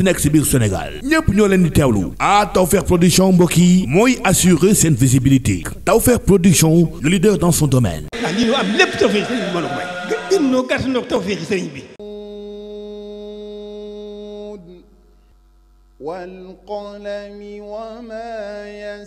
munti nekk si biir Sénégal ñépp ñoo leen di teewlu ah Tawfekh production mbokk yi mooy assurer seen visibilité Tawfekh production le leader dans son domaine. ah lii am lépp Tawfekh sëriñ bi mën a may.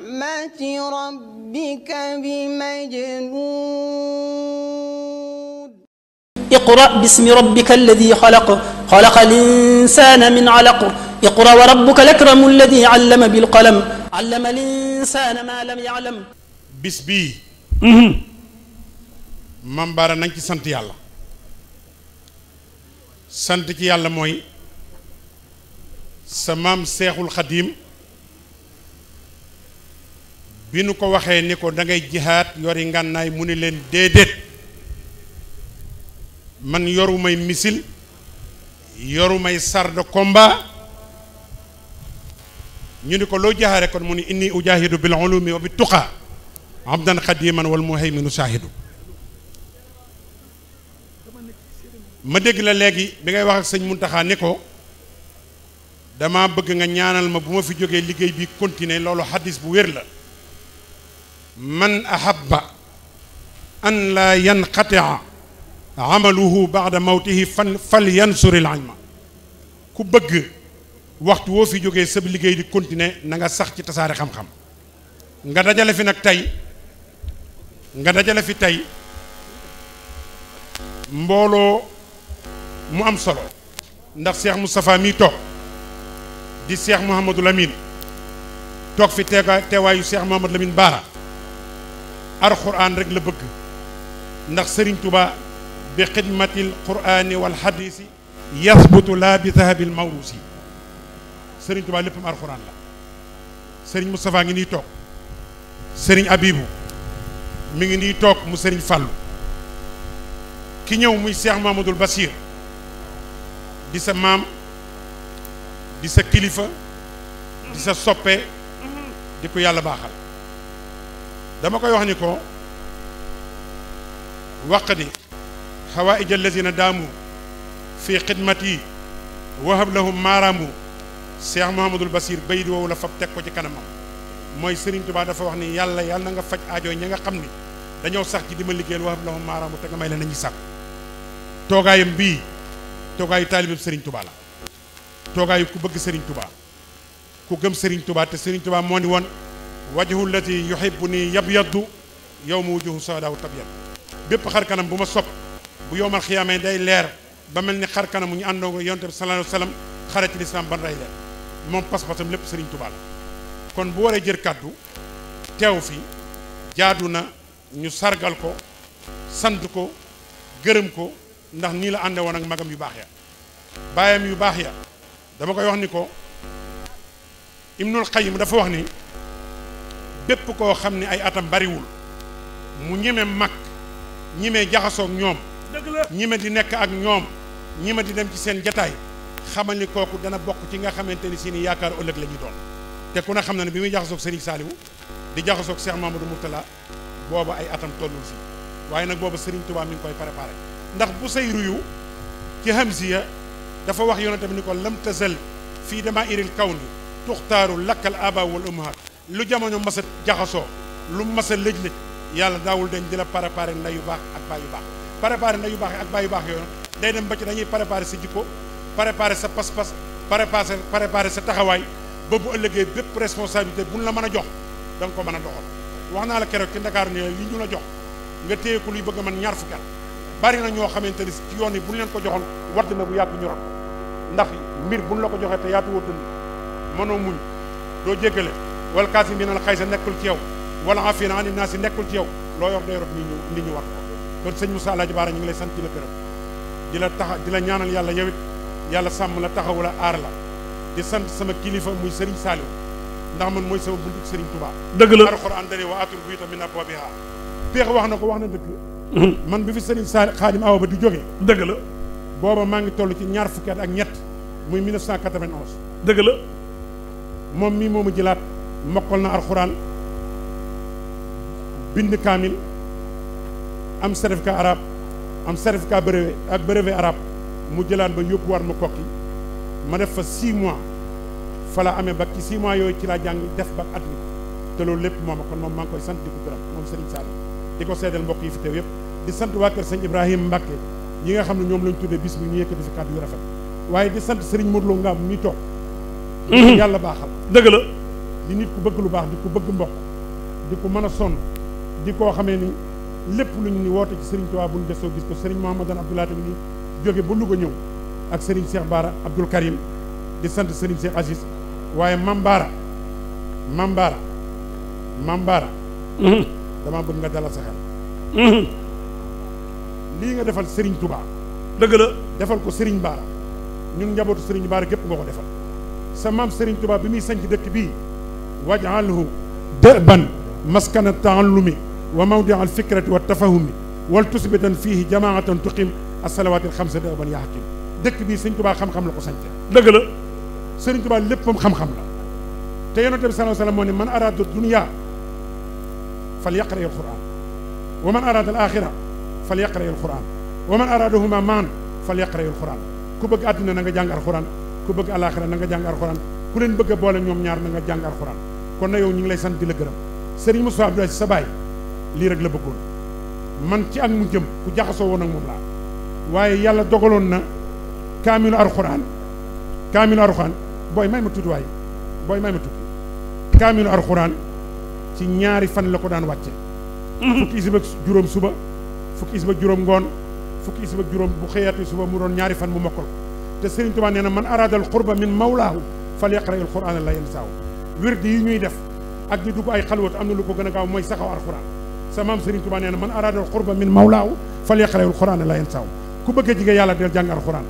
نعمة ربك بمجنون اقرأ باسم ربك الذي خلق خلق الإنسان من علق اقرأ وربك الأكرم الذي علم بالقلم علم الإنسان ما لم يعلم bis bii Mame Bara nañ ci sant yàlla sant ci yàlla mooy sa maam Seexul Xadiim bi nu ko waxee ni ko dangay ngay jihaat yori ngànnaay mu ni leen déedéet man yorumay missile yorumay char de combat ñu ni ko loo jahaare kon mu ni indi ujahidu bil ulumi wa bi tuqa abdan xadiman wal muhayminu saahidu ma dégg la léegi bi ngay wax ak sëñ Muntaxa ni ko dama bëgg nga ñaanal ma bu ma fi jógee liggéey bi continuer loolu xadis bu wér la man ahabba an laa yanqatia amaluhu baada mawtihi fan fal yansuril ilma ku bëgg waxtu woo fi jógee sab liggéey di continuer na nga sax ci tasaare xam-xam nga dajale fi nag tey nga dajale fi tey mbooloo mu am solo ndax Cheikh Moustapha mii toog di Cheikh Mouhamadou Lamine toog fi teewaayu Cheikh Mouhamadou Lamine Baara alxuraan rek la bëgg ndax sëriñ tuba bi xidmatil quraani wal xadiisi yasbutu laa bi dahabil mawrusi sëriñ tuba léppam alxuraan la sëriñ Moustapha ngi nii toog sëriñ Abibu mi ngi nii toog mu sëriñ Fàllu ki ñëw muy Cheikh Mamadul Basir di sa maam di sa kilifa di sa soppe di ko yàlla baaxal dama koy wax ni ko waqdi xawaaij allazina daamu fi xidmati wahab lahum maaraamu Cheikh Mouhamadul Basir baydi woowu la fab teg ko ci kanamam mooy sëriñ Touba dafa wax ni yàlla yàlla na nga faj aajo ñi nga xam ni dañoo sax ci di ma liggéeyal wahab lahum maaraamu te nga may la nañuy sàkk toogaayam bii toogaayu taalibam Serigne Touba la toogaayu ku bëgg Serigne Touba ku gëm sëriñ Touba te Serigne tubaa moo ni woon. wajhu alladi yuhibbu nii yabyaddu yow mu wujuhu saadaaw tabyad bépp xar kanam bu ma sopp bu yowmal xiyaamee day leer ba mel ni xar kanam mu ñu àndoo yonte bi sallallahu alayhi wa sallam xare ci lislaam ban rey leen moom lépp sëriñ Tuubaa la kon bu waree jër kàddu teew fi jaadu na ñu sargal ko sant ko gërëm ko ndax nii la àndee woon ak magam yu baax ya baayam yu baax ya dama koy wax ni ko Ibnul Qayyim dafa wax ni bépp koo xam ne ay atam bariwul mu ñeme mag ñime jaxasook ñoom ñime di nekk ak ñoom ñime di dem ci seen jataay xamal ni kooku dana bokk ci nga xamante ni si ni yaakaar ëllëg la doon te ku ne xam na ne bi muy jaxasoog Serigne Saliou di jaxasoog Cheikh Mamadou Mourtala booba ay atam tollul fii waaye nag booba Serigne Touba mi ngi koy préparé ndax bu say ruyu ci Hamziya dafa wax yonente bi ni ko lam tazal fii dama iril kaw ni tuxtaaru lakkal aba lu jamono mas a jaxasoo lu mas a lëj-lëj yàlla daawul dañ di la préparé nday yu baax ak baay yu baax préparé nday yu baax ak baay yu baax yooyu day dem ba ci dañuy préparé sa jikko préparé sa pas-pas préparé préparé sa taxawaay ba bu ëllëgee bépp responsabilité buñ la mën a jox da nga ko mën a doxal wax naa la keroog ci Ndakaaru ne li ñu la jox nga téye ko luy bëgg man mën ñaar fukki at bari na ñoo xamante ni ci yoon yi buñ leen ko joxoon wadd na bu yàgg ñu rot ndax mbir buñ la ko joxee te yaatu woo dënd mënoo muñ doo jéggale wal kaasimiina al xaysa nekkul ci yow wal aafiina ani naasi nekkul ci yow loo yor doo yorot nit ñu nit ñu war ko kon sëñ Moussa Alaaji Baara ñu ngi lay sant di la gërëm di la tax di la ñaanal yàlla yow yàlla sàmm la taxawu la aar la di sant sama kilifa muy Serigne Saliou ndax man mooy sama buntu Serigne Touba. dëgg la alxuraan dane wa atul buyuta min abwaabiha peex wax na ko wax na dëgg. man bi fi Serigne Saliou Xaadim Awa ba di jógee. dëgg la. booba maa ngi toll ci ñaar fukki at ak ñett muy 1991. dëgg la moom mii moo ma jëlaat. mokkal na alxuraan bind kaamil am certificat arabe am certificat brevet ak brevet arabe mu jëlaan ba war ma kokki ma def fa 6 mois fa la amee bac ci 6 mois yooyu ci laa jàng def bac at mi te loolu lépp moom kon moom maa ngi koy sant di ko gërëm moom Serigne Saliou di ko seedeel mbokk yi fi teew yëpp di sant waa kër sëñ Ibrahima Mbacke yi nga xam ne ñoom lañ tuddee bis bi ñu yëkkati fi kàddu yu rafet waaye di sant Serigne Modou Lo Ngam mi toog. Mhm. yàlla baaxal dëgg la. di nit ku bëgg lu baax di ku bëgg mboq di ku mën a sonn di koo xamee ni lépp lu ñu ni woote ci Serigne Touba bu ñu desoo gis ko Serigne Mouhamadane Abdoulaye tamit joge jóge ba Louga ñëw ak Serigne seex baara Abdoul Karim di sant Serigne Cheikh Aziz waaye Mambaara Mambaara Mambaara damaa bëgg nga dalal sa xel lii nga defal sëriñ tubaa dëgg defal ko sëriñ Bara ñun njabootu Serigne Bara gépp nga ko defal sa sëriñ tubaa bi muy sanc dëkk bii waj'alhu da'ban maskana taallumi wa mawdia alfikrati wa tafahumi wal tusbitan fiihi jamaatan tuqim asalawaati alxamsa da'ban yaa hakim dëkk bii sëñ Tubaa xam-xam la ko sañte dëgg la sëriñ Tubaa léppam xam-xam la te yonent bi sallallahu alayhi wa sallam moo ne man araada dunya fal yaqra alquran wa man araada al axira fal yaqra alquran wa man araadahuma maan fal yaqra alquran ku bëgg àdduna na nga jàng alquran ku bëgg alaxira na nga jàng alquran ku leen bëgg ñoom ñaar na nga jàng alquran kon na yow ñu ngi lay sant di la gërëm Serigne Moussa Abdoulaye sa baay lii rek la bëggoon man ci ak mu jëm ku jaxasoo woon ak moom laa waaye yàlla dogaloon na kaamilu alxuraan kaamilu alxuraan booy may ma tuuti waaye booy may ma tuuti kaamilu alxuraan ci ñaari fan la ko daan wàcce mm-hmm. fukki isib juróom suba fukki isib ak juróom ngoon fukki isib ak juróom bu xëyaati suba mu doon ñaari fan mu mokkal ko te Serigne Touba nee na man araadal qurba min mawlaahu fal yaqra il quraan la wird yi ñuy def ak di ko ay xalwat am na lu ko gën a gaaw mooy saxaw alxuraan sa maam Serigne Touba nee na man araadal xurba min mawlaaw fal yaqra'ul xuraan la saw ku bëgg a jige yàlla del jàng alxuraan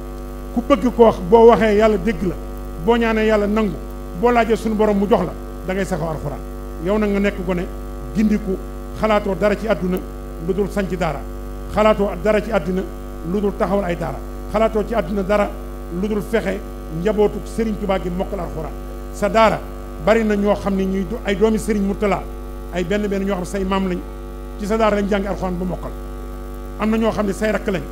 ku bëgg ko wax boo waxee yàlla dégg la boo ñaanee yàlla nangu boo laajee suñu borom mu jox la dangay ngay saxaw alxuraan yow nag nga nekk gone gindiku xalaatoo dara ci àdduna lu dul sanc daara xalaatoo dara ci àdduna lu dul taxawal ay daara xalaatoo ci àdduna dara lu fexe njabootu Serigne Touba gi mokkal alxuraan sa daara bari na ñoo xam ne ñuy ay doomi Serigne Mourtala ay benn benn ñoo xam say maam lañ ci sa daara lañ jàng arxuraan ba mokkal am na ñoo xam ne say rakk lañ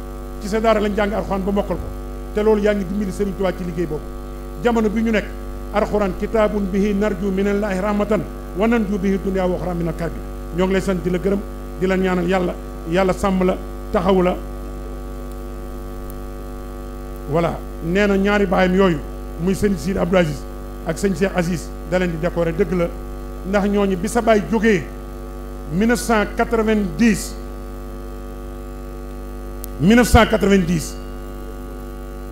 ci sa daara lañ jàng arxuraan ba mokkal ko te loolu yaa ngi dimbali Serigne Touba ci liggéey boobu jamono bi ñu nekk arxuraan kitaabun bihi narju minallahi rahmatan wa nanju bihi dunya wa ukhra min al-karbi ñoo ngi lay sant di la gërëm di la ñaanal yàlla yàlla sàmm la taxaw la voilà nee na ñaari baayam yooyu muy sëñ Sidi Abdou ak sëñ Cheikh Aziz da leen di décorer dëgg la ndax ñooñu bi sa baay jógee 1990 1990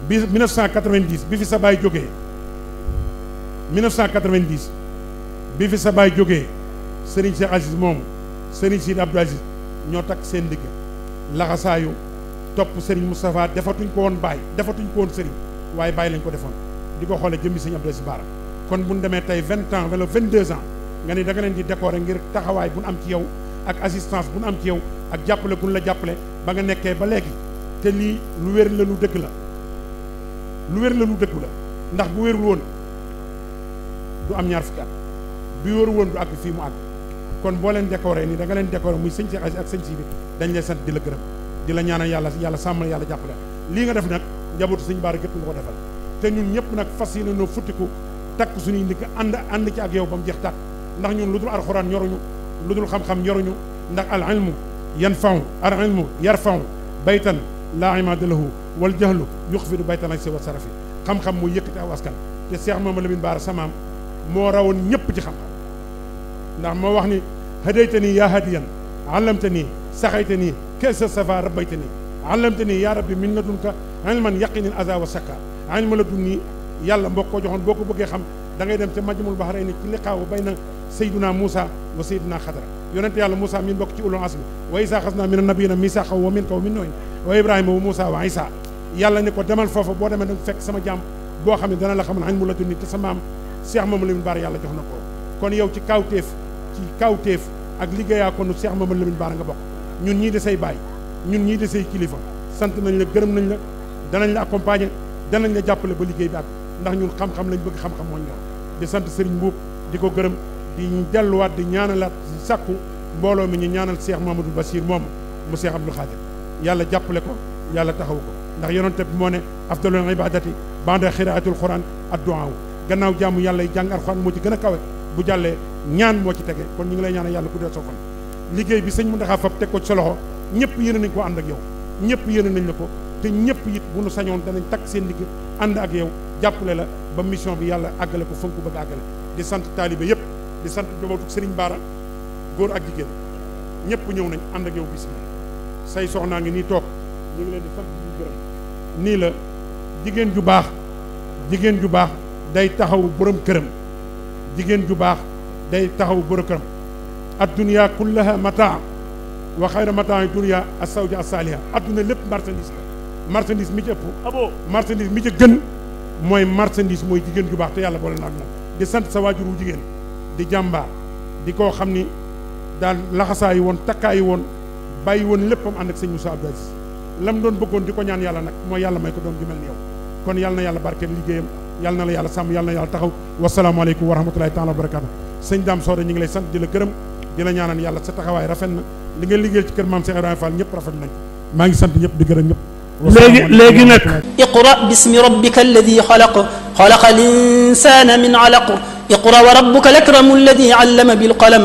bi 1990 bi fi sa baay jógee 1990 bi fi sa baay jógee Serigne Cheikh Aziz moomu Serigne Sidi Abdou Aziz ñoo takk seen digg laxasaayu topp Serigne Moustapha defatuñ ko woon Baye defatuñ ko woon Serigne waaye bàyyi lañ ko defoon di ko xoolee jëmmi Serigne Abdou Aziz Bara kon bu ñu demee tey vingt ans wala vingt deux ans nga ni da nga leen di décorer ngir taxawaay bu ñu am ci yow ak assistance bu nu am ci yow ak jàppale bu la jàppale ba nga nekkee ba léegi te lii lu wér la lu dëgg la lu wér la lu dëgg la ndax bu wérul woon du am ñaar fukki at bu wéru woon du àgg fii mu àgg kon boo leen décorer nii da nga leen décorer muy sëñ Cheikh Aziz ak sëñ si bi dañ lay sant di la gërëm di la ñaana yàlla yàlla sàmmal yàlla jàppale lii nga def nag njabootu sëñ Bara gépp nga defal te ñëpp nag fas yéene noo futtiku takk suñuy ndigg ànd ànd ci ak yow ba mu jeex tàkk ndax ñun lu dul alxuraan ñoruñu lu dul xam-xam ñoruñu ndax al ilmu yanfau al ilmu yarfau baytan laa imada lahu wal jahlu yuxfidu baytan ak si wa sarafi xam-xam muy yëkkati aw askan te Cheikh ma Lamine Bara samaam moo rawoon ñëpp ci xam-xam ndax moo wax ni hadayta nii yaa hadiyan allamta nii saxayta nii kesa safa rabbayta nii allamta nii yaa rabbi min ladunka ilman yaqinin aza wa sakka yàlla mbokk ko joxoon boo ko bëggee xam dangay dem ca majmul baxaray ni ci liqaawu bay na sayduna moussa wa sayduna xadra yonente yàlla moussa min bokk ci ulul asmi wa isa xas naa min annabiyina misaaqa wa min kaw min nooyin wa ibrahima wa moussa wa isa yàlla ne ko demal foofa boo demee danga fekk sama jàmm boo xam ne dana la xaman añ mu la junni te sa maam Cheikh Mamadou Lamine Bara yàlla jox na ko kon yow ci kawteef ci kawteef ak liggéeyaa kon Cheikh Mamadou Lamine Bara nga bokk ñun ñii di say baay ñun ñii di say kilifa sant nañ la gërëm nañ la danañ la accompagner danañ la jàppale ba liggéey bi ndax ñun xam-xam lañ bëgg xam-xam moo ñor di sant sëriñ Mbuub di ko gërëm di ñu delluwaat di ñaanalaat di sàkku mbooloo mi ñu ñaanal Cheikh Mamadou Bassir moom mu Cheikh Abdoul Khadir yàlla jàppale ko yàlla taxaw ko ndax yonente bi moo ne afdalul ibadati banda xiraatul quran ad duaa gannaaw jaamu yàlla yi jàng alquran moo ci gën a kawe bu jàllee ñaan moo ci tege kon ñu ngi lay ñaanal yàlla guddal sa fan liggéey bi sëñ Mountakha fab teg ko ci ñëpp yéene nañ ko ànd ak yow ñëpp yéene nañ la ko te ñëpp it bu nu danañ takk seen liggéey ànd ak yow jàppale la ba mission bi yàlla àggale ko fonk bëgg àggale di sant taalibe yëpp di sant jobootu Serigne Baara góor ak jigéen ñëpp ñëw nañ ànd ak yow bis bi say soxnaa ngi nii toog nii la jigéen ju baax jigéen ju baax day taxaw borom këram jigéen ju baax day taxaw borom këram adduniya kullaha mataa wa xayra mataa dunia asawja asaliha adduna lépp marchandise la marchandise mi ci ëpp marchandise mi ci gën mooy marchandise mooy jigéen ju baax te yàlla boole na ak moom di sant sa waajur wu jigéen di jàmbaar di koo xam ni daal laxasaayi woon takkaayi woon bàyyi woon léppam ànd ak sëñ Moussa Abdou Aziz lam doon bëggoon di ko ñaan yàlla nag mooy yàlla may ko doom ju mel ni yow kon yàlla na yàlla barkeel liggéeyam yàlla na la yàlla sàmm yàlla na yàlla taxaw wasalaamaaleykum wa rahmatulahi taala wa barakaatu sëñ Dame Soda ñu ngi lay sant di la gërëm di la ñaanal yàlla sa rafet na li nga liggéey ci kër maam Cheikh Ibrahima Fall ñëpp rafet nañ ngi sant ñëpp di gërëm léegi léegi nag iqra bismi rabbika alladi xalaq xalaqa al insana min alaq iqra wa rabbuka al akramu alladi allama bil qalam